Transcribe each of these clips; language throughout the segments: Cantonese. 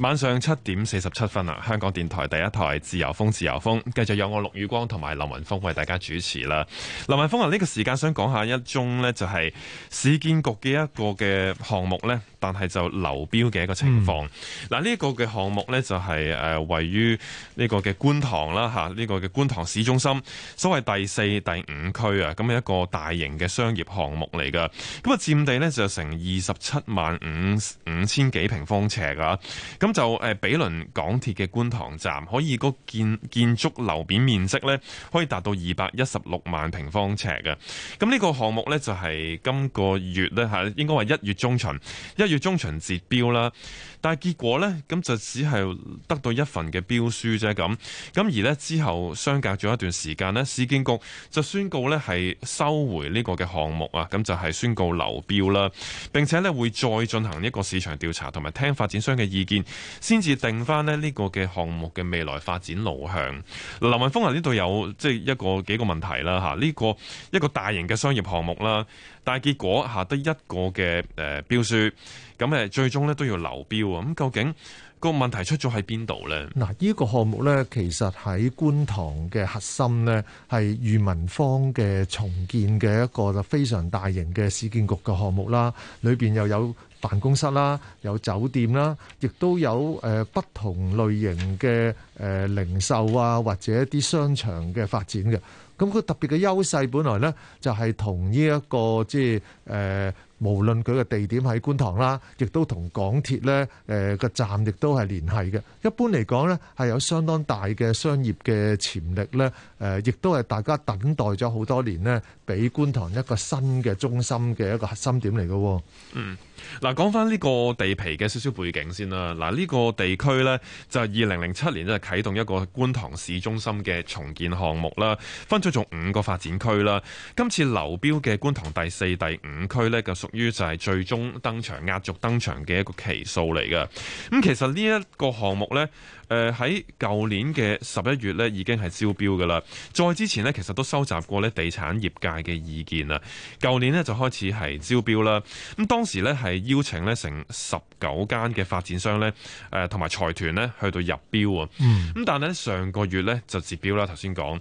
晚上七點四十七分啦，香港電台第一台自由風，自由風繼續有我陸宇光同埋林雲峰為大家主持啦。林雲峰啊，呢、這個時間想講下一宗呢，就係市建局嘅一個嘅項目呢但係就流標嘅一個情況。嗱、嗯，呢個嘅項目呢就係位於呢個嘅觀塘啦，呢、這個嘅觀塘市中心，所謂第四、第五區啊，咁係一個大型嘅商業項目嚟㗎。咁啊，佔地呢就成二十七萬五五千幾平方尺㗎。咁。就比鄰港鐵嘅觀塘站，可以個建建築樓面面積咧，可以達到二百一十六萬平方尺嘅。咁呢個項目呢，就係今個月呢嚇，應該話一月中旬，一月中旬截標啦。但係結果咧，咁就只係得到一份嘅標書啫咁。咁而咧之後相隔咗一段時間咧，市建局就宣告咧係收回呢個嘅項目啊，咁就係宣告流標啦。並且咧會再進行一個市場調查，同埋聽發展商嘅意見先至定翻咧呢個嘅項目嘅未來發展路向。林文峰啊，呢度有即係一個幾個問題啦吓，呢個一個大型嘅商業項目啦，但係結果吓得一個嘅誒標書，咁誒最終咧都要流標。咁究竟個問題出咗喺邊度咧？嗱，呢個項目咧，其實喺觀塘嘅核心咧，係裕民坊嘅重建嘅一個非常大型嘅市建局嘅項目啦。裏邊又有辦公室啦，有酒店啦，亦都有誒不同類型嘅誒零售啊，或者一啲商場嘅發展嘅。咁個特別嘅優勢，本來咧就係同呢一個即係誒。呃無論佢嘅地點喺觀塘啦，亦都同港鐵呢誒個站亦都係聯繫嘅。一般嚟講呢係有相當大嘅商業嘅潛力呢誒，亦都係大家等待咗好多年呢俾觀塘一個新嘅中心嘅一個核心點嚟嘅。嗯。嗱，講返呢個地皮嘅少少背景先啦。嗱，呢個地區呢，就係二零零七年呢啟動一個觀塘市中心嘅重建項目啦，分咗做五個發展區啦。今次流標嘅觀塘第四、第五區呢，就屬於就係最終登場，壓軸登場嘅一個期數嚟嘅，咁其實呢一個項目呢。誒喺舊年嘅十一月咧，已經係招標噶啦。再之前呢，其實都收集過咧地產業界嘅意見啦。舊年呢，就開始係招標啦。咁當時呢，係邀請咧成十九間嘅發展商呢，誒同埋財團呢，去到入標啊。咁但係呢，上個月呢，就截標啦。頭先講，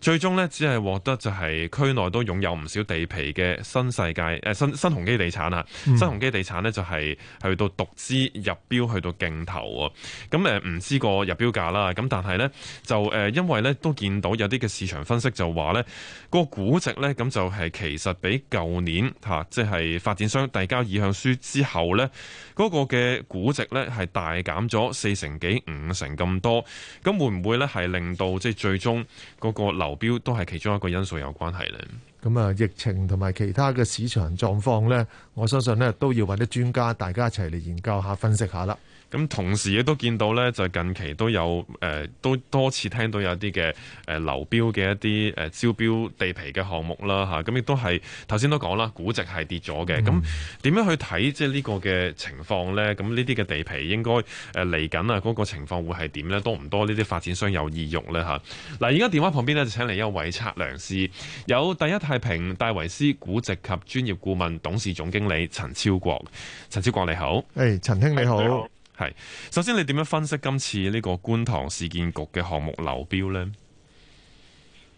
最終呢，只係獲得就係區內都擁有唔少地皮嘅新世界誒新新鴻基地產啊。新鴻基地產呢，就係去到獨資入標去到競投啊。咁誒唔知。個入標價啦，咁但係呢，就誒，因為呢都見到有啲嘅市場分析就話呢、個估值，呢，咁就係、是、其實比舊年吓，即、啊、係、就是、發展商遞交意向書之後呢，嗰、個嘅估值呢係大減咗四成幾五成咁多，咁會唔會呢係令到即係、就是、最終嗰個流標都係其中一個因素有關係呢？咁啊，疫情同埋其他嘅市場狀況呢，我相信呢都要揾啲專家大家一齊嚟研究下、分析下啦。咁同時亦都見到咧，就近期都有誒，都多次聽到有啲嘅誒流標嘅一啲誒招標地皮嘅項目啦，嚇咁亦都係頭先都講啦，估值係跌咗嘅。咁點、嗯、樣去睇即係呢個嘅情況咧？咁呢啲嘅地皮應該誒嚟緊啊，嗰個情況會係點咧？多唔多呢啲發展商有意欲咧？嚇嗱，而家電話旁邊呢，就請嚟一位測量師，有第一太平戴維斯估值及專業顧問董事總經理陳超國。陳超國你好，誒、hey, 陳兄你好。Hey, 你好。係，首先你點樣分析今次呢個觀塘市建局嘅項目流標呢？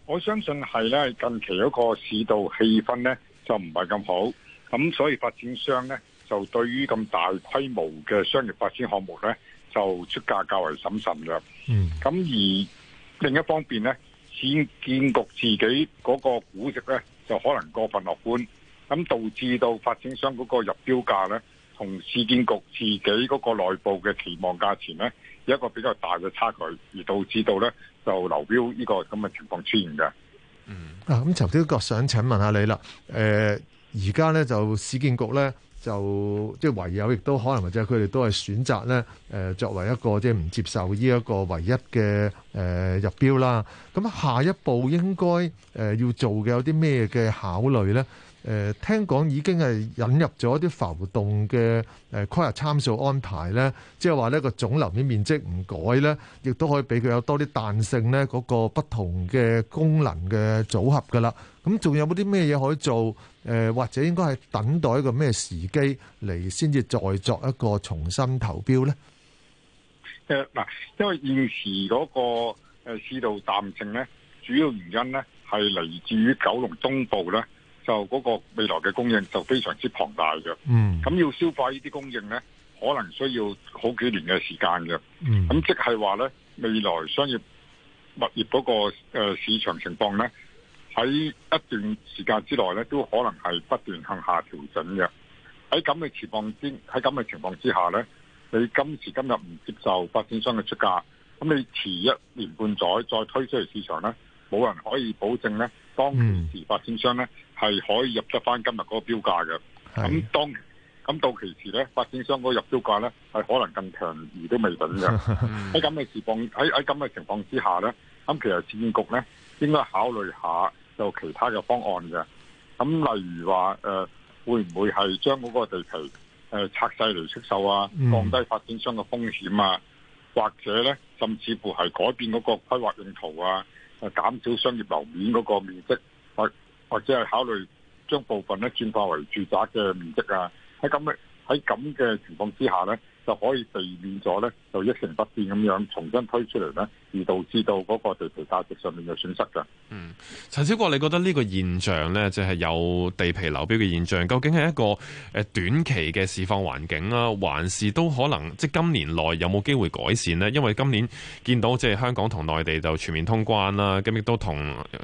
我相信係咧，近期嗰個市道氣氛呢，就唔係咁好，咁所以發展商呢，就對於咁大規模嘅商業發展項目呢，就出價較為審慎啦。嗯，咁而另一方面呢，市建局自己嗰個估值呢，就可能過分樂觀，咁導致到發展商嗰個入標價呢。同市建局自己嗰個內部嘅期望價錢咧，有一個比較大嘅差距，而導致到咧就流標呢個咁嘅情況出現嘅。嗯啊。嗯啊，咁陳超國想請問下你啦。誒、呃，而家咧就市建局咧就即係唯有亦都可能或者佢哋都係選擇咧誒，作為一個即係唔接受呢一個唯一嘅誒、呃、入標啦。咁、嗯、下一步應該誒、呃、要做嘅有啲咩嘅考慮咧？誒，聽講已經係引入咗啲浮動嘅誒規劃參數安排咧，即係話呢個總樓面面積唔改咧，亦都可以俾佢有多啲彈性咧，嗰、嗰個不同嘅功能嘅組合噶啦。咁仲有冇啲咩嘢可以做？誒，或者應該係等待一個咩時機嚟先至再作一個重新投標咧？誒，嗱，因為現時嗰個誒市道淡靜咧，主要原因咧係嚟自於九龍東部咧。就嗰個未來嘅供應就非常之龐大嘅，嗯，咁要消化呢啲供應咧，可能需要好幾年嘅時間嘅。嗯，咁即係話咧，未來商業物業嗰個誒市場情況咧，喺一段時間之內咧，都可能係不斷向下調整嘅。喺咁嘅情況之喺咁嘅情況之下咧，你今時今日唔接受發展商嘅出價，咁你遲一年半載再推出嚟市場咧，冇人可以保證咧，當時發展商咧。嗯係可以入得翻今日嗰個標價嘅，咁是的 當咁到其時咧，發展商嗰個入標價咧係可能更強而都未定嘅。喺咁嘅情況喺喺咁嘅情況之下咧，咁其實市建局咧應該考慮下有其他嘅方案嘅。咁例如話誒、呃，會唔會係將嗰個地皮誒、呃、拆細嚟出售啊？降低發展商嘅風險啊，或者咧甚至乎係改變嗰個規劃用途啊，誒減少商業樓面嗰個面積。或者係考慮將部分咧轉化為住宅嘅面積啊，喺咁喺咁嘅情況之下咧，就可以避免咗咧就一成不變咁樣重新推出嚟咧。而導致到嗰個地皮價值上面嘅損失㗎。嗯，陳超國，你覺得呢個現象呢？就係有地皮流標嘅現象，究竟係一個誒短期嘅市況環境啦，還是都可能即今年內有冇機會改善呢？因為今年見到即係香港同內地就全面通關啦，咁亦都同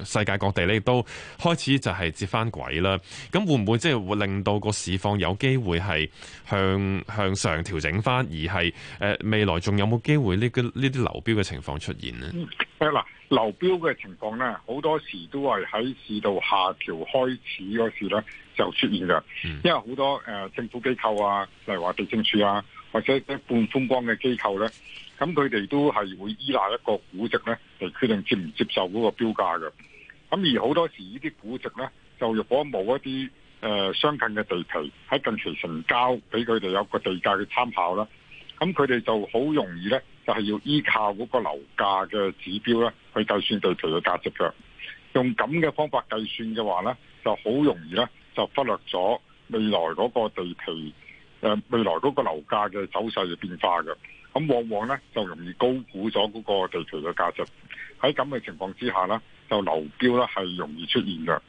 世界各地呢，亦都開始就係接翻軌啦。咁會唔會即係會令到個市況有機會係向向上調整翻，而係誒未來仲有冇機會呢？呢啲流標嘅情況出現？嗯，嗱，流標嘅情況咧，好多時都係喺市道下調開始嗰時咧就出現嘅，因為好多誒、呃、政府機構啊，例如話地政處啊，或者一半風光嘅機構咧，咁佢哋都係會依賴一個估值咧嚟決定接唔接受嗰個標價嘅。咁而好多時呢啲估值咧，就如果冇一啲誒、呃、相近嘅地皮喺近期成交俾佢哋有個地價嘅參考啦，咁佢哋就好容易咧。就係要依靠嗰個樓價嘅指標咧，去計算地皮嘅價值嘅。用咁嘅方法計算嘅話咧，就好容易咧就忽略咗未來嗰個地皮誒未來嗰個樓價嘅走勢嘅變化嘅。咁往往咧就容易高估咗嗰個地皮嘅價值。喺咁嘅情況之下咧，就流標咧係容易出現嘅。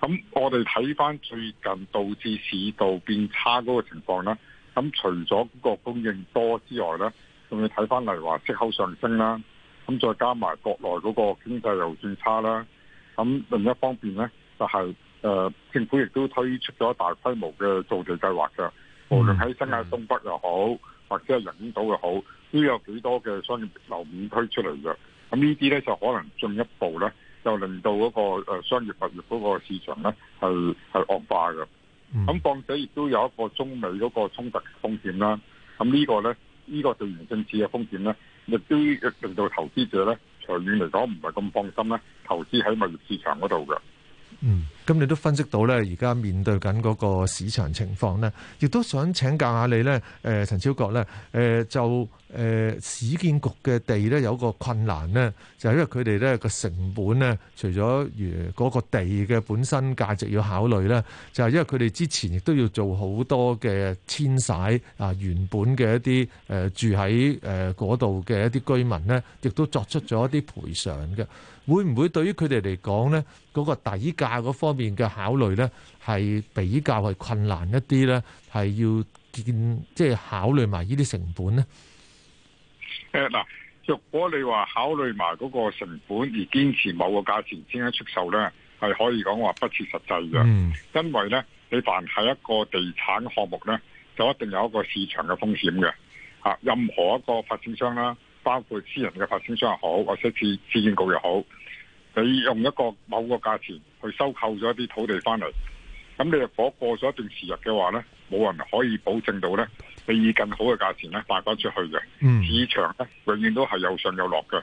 咁我哋睇翻最近導致市道變差嗰個情況啦。咁除咗嗰個供應多之外咧。仲要睇翻嚟話息口上升啦，咁再加埋國內嗰個經濟又算差啦，咁另一方面呢，就係、是、誒、呃、政府亦都推出咗大規模嘅造地計劃㗎。無論喺新界東北又好，或者人工島又好，都有幾多嘅商業樓面推出嚟嘅，咁呢啲呢，就可能進一步呢，就令到嗰個誒商業物業嗰個市場呢，係係惡化嘅，咁況且亦都有一個中美嗰個衝突風險啦，咁呢個呢。呢個對行政治嘅風險咧，亦都令到投資者咧，長遠嚟講唔係咁放心咧，投資喺物業市場嗰度嘅。嗯。咁你都分析到咧，而家面對緊嗰個市場情況咧，亦都想請教下你咧，誒、呃、陳超國咧，誒、呃、就誒、呃、市建局嘅地咧，有個困難咧，就係、是、因為佢哋咧個成本咧，除咗如嗰個地嘅本身價值要考慮咧，就係、是、因為佢哋之前亦都要做好多嘅遷徙啊，原本嘅一啲誒、呃、住喺誒嗰度嘅一啲居民咧，亦都作出咗一啲賠償嘅，會唔會對於佢哋嚟講咧嗰個底價嗰方面？邊嘅考慮呢，係比較係困難一啲呢，係要建即係考慮埋呢啲成本呢誒，嗱，若果你話考慮埋嗰個成本而堅持某個價錢先去出售呢，係可以講話不切實際嘅。因為呢，你凡係一個地產項目呢，就一定有一個市場嘅風險嘅。吓，任何一個發展商啦，包括私人嘅發展商也好，或者市建局也好。你用一個某個價錢去收購咗一啲土地翻嚟，咁你若果過咗一段時日嘅話呢，冇人可以保證到呢，你以更好嘅價錢呢，賣翻出去嘅。市場呢，永遠都係有上有落嘅，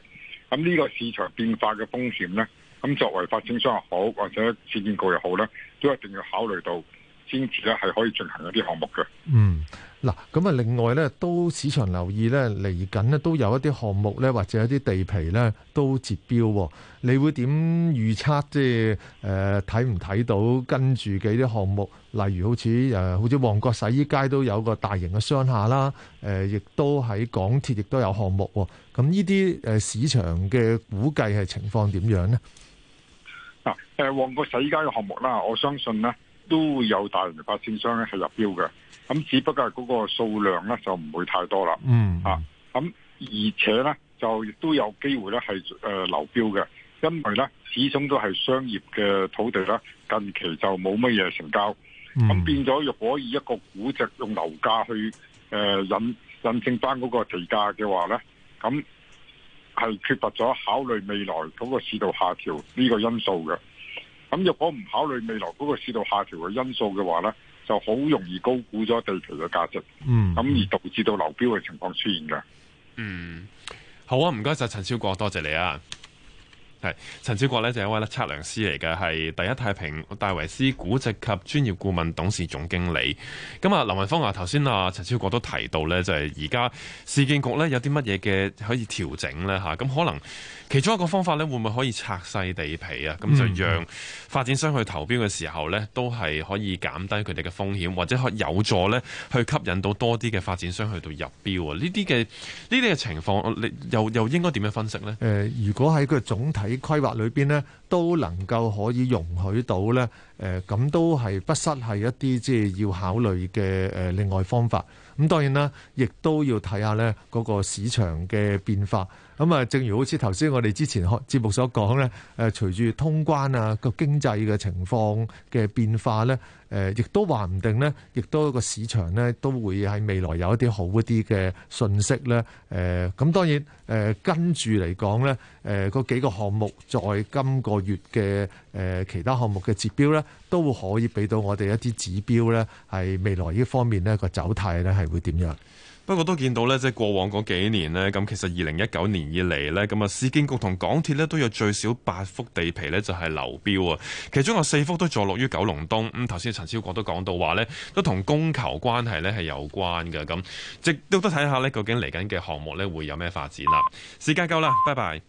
咁呢個市場變化嘅風險呢，咁作為發展商又好，或者市建局又好呢，都一定要考慮到。跟住咧，係可以進行一啲項目嘅。嗯，嗱，咁啊，另外咧，都市場留意咧，嚟緊咧都有一啲項目咧，或者一啲地皮咧，都截標、哦。你會點預測？即係誒，睇唔睇到跟住嘅啲項目？例如好似誒、呃，好似旺角洗衣街都有個大型嘅商廈啦。誒、呃，亦都喺港鐵亦都有項目喎、哦。咁呢啲誒市場嘅估計係情況點樣呢？嗱、呃，誒旺角洗衣街嘅項目啦，我相信咧。都有大型嘅發展商咧係入標嘅，咁只不過係嗰個數量咧就唔會太多啦。嗯、mm. 啊，咁而且咧就亦都有機會咧係誒流標嘅，因為咧始終都係商業嘅土地啦，近期就冇乜嘢成交。咁、mm. 變咗若果以一個估值用樓價去誒引引證翻嗰個地價嘅話咧，咁係缺乏咗考慮未來嗰個市道下調呢個因素嘅。咁若果唔考慮未來嗰個市道下調嘅因素嘅話咧，就好容易高估咗地皮嘅價值，咁而導致到流標嘅情況出現嘅。嗯。嗯，好啊，唔該晒，陳超國，多謝你啊。係陳超國呢就係一位咧測量師嚟嘅，係第一太平戴維斯估值及專業顧問董事總經理。咁啊，林文峰啊，頭先啊，陳超國都提到呢，就係而家市建局呢有啲乜嘢嘅可以調整呢？吓、啊，咁可能其中一個方法呢，會唔會可以拆細地皮啊？咁就讓發展商去投標嘅時候呢，都係可以減低佢哋嘅風險，或者可有助呢去吸引到多啲嘅發展商去到入標啊。呢啲嘅呢啲嘅情況，你又又應該點樣分析呢？誒、呃，如果喺個總體。規劃裏邊呢，都能夠可以容許到呢。誒、呃、咁都係不失係一啲即係要考慮嘅誒另外方法。咁當然啦，亦都要睇下呢嗰個市場嘅變化。咁啊，正如好似頭先我哋之前開節目所講咧，隨住通關啊個經濟嘅情況嘅變化咧，亦都話唔定咧，亦都個市場咧都會喺未來有一啲好一啲嘅訊息咧。咁當然，跟住嚟講咧，誒嗰幾個項目在今個月嘅其他項目嘅指標咧，都可以俾到我哋一啲指標咧，係未來呢方面咧個走態咧係會點樣？不過都見到咧，即係過往嗰幾年呢。咁其實二零一九年以嚟呢，咁啊，市建局同港鐵呢都有最少八幅地皮呢，就係流標啊。其中有四幅都坐落於九龍東。咁頭先陳超國都講到話呢，都同供求關係呢係有關嘅。咁，亦都睇下呢，究竟嚟緊嘅項目呢會有咩發展啦。時間夠啦，拜拜。